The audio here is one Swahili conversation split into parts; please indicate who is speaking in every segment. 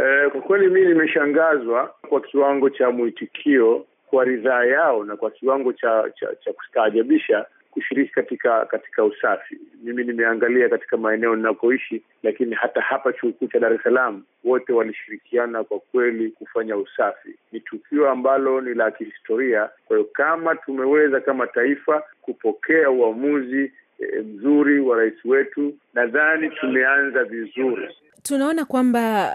Speaker 1: E, kwa kweli mimi nimeshangazwa kwa kiwango cha mwitikio kwa ridhaa yao na kwa kiwango cha cha, cha kustaajabisha kushiriki katika katika usafi. Mimi nimeangalia katika maeneo ninakoishi, lakini hata hapa chuo kikuu cha Dar es Salaam wote walishirikiana kwa kweli kufanya usafi. Ni tukio ambalo ni la kihistoria. Kwa hiyo kama tumeweza kama taifa kupokea uamuzi e, mzuri wa rais wetu, nadhani tumeanza vizuri.
Speaker 2: Tunaona kwamba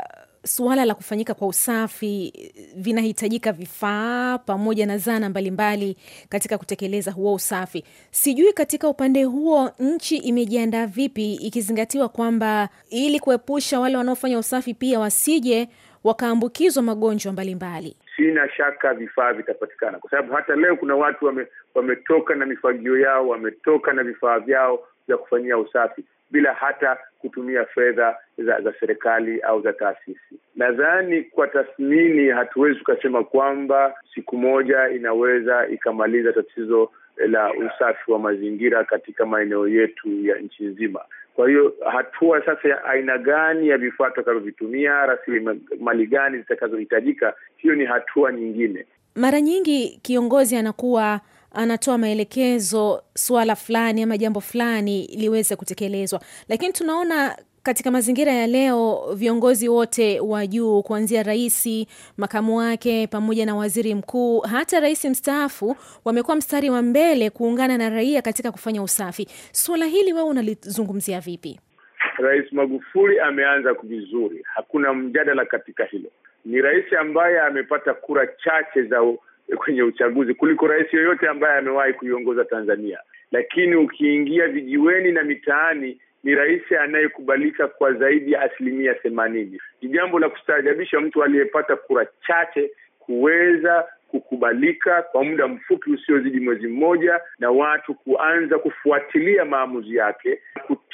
Speaker 2: suala la kufanyika kwa usafi, vinahitajika vifaa pamoja na zana mbalimbali mbali katika kutekeleza huo usafi. Sijui katika upande huo nchi imejiandaa vipi, ikizingatiwa kwamba ili kuepusha wale wanaofanya usafi pia wasije wakaambukizwa magonjwa mbalimbali.
Speaker 1: Sina shaka vifaa vitapatikana, kwa sababu hata leo kuna watu wame, wametoka na mifagio yao, wametoka na vifaa vyao, za kufanyia usafi bila hata kutumia fedha za, za serikali au za taasisi. Nadhani kwa tathmini, hatuwezi tukasema kwamba siku moja inaweza ikamaliza tatizo la usafi wa mazingira katika maeneo yetu ya nchi nzima. Kwa hiyo hatua sasa ya aina gani ya vifaa tutakavyovitumia, rasilimali gani zitakazohitajika, hiyo ni hatua nyingine.
Speaker 2: Mara nyingi kiongozi anakuwa anatoa maelekezo swala fulani ama jambo fulani liweze kutekelezwa, lakini tunaona katika mazingira ya leo viongozi wote wa juu kuanzia raisi makamu wake, pamoja na waziri mkuu, hata rais mstaafu wamekuwa mstari wa mbele kuungana na raia katika kufanya usafi. Suala hili wewe unalizungumzia vipi?
Speaker 1: Rais Magufuli ameanza vizuri, hakuna mjadala katika hilo. Ni rais ambaye amepata kura chache za u kwenye uchaguzi kuliko rais yoyote ambaye amewahi kuiongoza Tanzania. Lakini ukiingia vijiweni na mitaani ni rais anayekubalika kwa zaidi ya asilimia themanini. Ni jambo la kustaajabisha mtu aliyepata kura chache kuweza kukubalika kwa muda mfupi usiozidi mwezi mmoja na watu kuanza kufuatilia maamuzi yake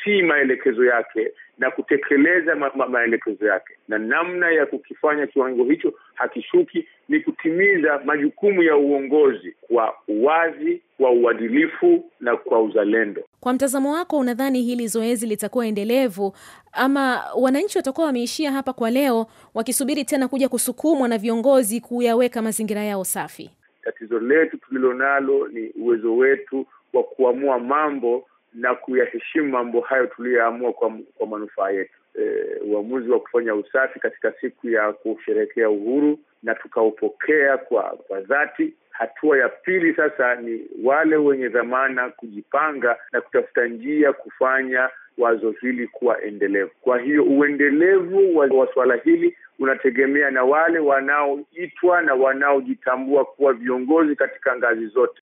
Speaker 1: kutii maelekezo yake na kutekeleza ma ma maelekezo yake, na namna ya kukifanya kiwango hicho hakishuki ni kutimiza majukumu ya uongozi kwa uwazi, kwa uadilifu na kwa uzalendo.
Speaker 2: Kwa mtazamo wako, unadhani hili zoezi litakuwa endelevu ama wananchi watakuwa wameishia hapa kwa leo, wakisubiri tena kuja kusukumwa na viongozi kuyaweka mazingira yao safi?
Speaker 1: Tatizo letu tulilonalo ni uwezo wetu wa kuamua mambo na kuyaheshimu mambo hayo tuliyoamua kwa, kwa manufaa yetu. E, uamuzi wa kufanya usafi katika siku ya kusherehekea uhuru na tukaupokea kwa kwa dhati. Hatua ya pili sasa ni wale wenye dhamana kujipanga na kutafuta njia kufanya wazo hili kuwa endelevu. Kwa hiyo uendelevu wa suala hili unategemea na wale wanaoitwa na wanaojitambua kuwa viongozi katika ngazi zote.